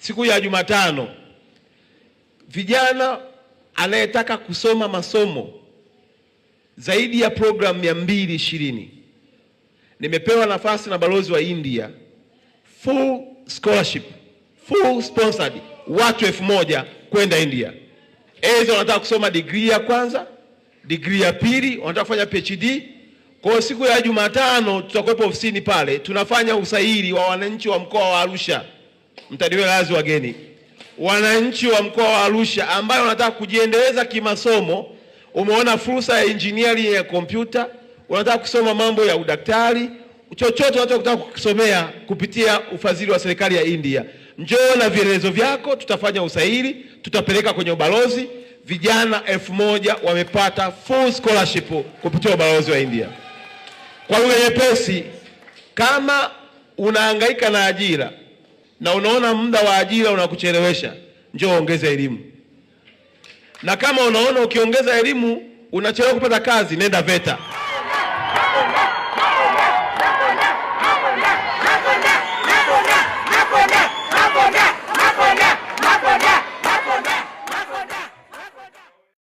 siku ya Jumatano, vijana anayetaka kusoma masomo zaidi ya programu mia mbili ishirini nimepewa nafasi na balozi wa India, full scholarship, full sponsored, watu elfu moja kwenda India. Aidha wanataka kusoma degree ya kwanza, degree ya pili, wanataka kufanya PhD. Kwa siku ya Jumatano tutakuwepo ofisini pale, tunafanya usaili wa wananchi wa mkoa wa Arusha mtadiwe lazi wageni, wananchi wa mkoa wa Arusha ambayo wanataka kujiendeleza kimasomo, umeona fursa ya engineering ya kompyuta, unataka kusoma mambo ya udaktari, chochote unachotaka kusomea kupitia ufadhili wa serikali ya India, njoo na vielelezo vyako, tutafanya usahili, tutapeleka kwenye ubalozi. Vijana elfu moja wamepata full scholarship kupitia ubalozi wa India. Kwa lugha nyepesi, kama unahangaika na ajira na unaona muda wa ajira unakuchelewesha, njoo ongeza elimu. Na kama unaona ukiongeza elimu unachelewa kupata kazi, nenda VETA.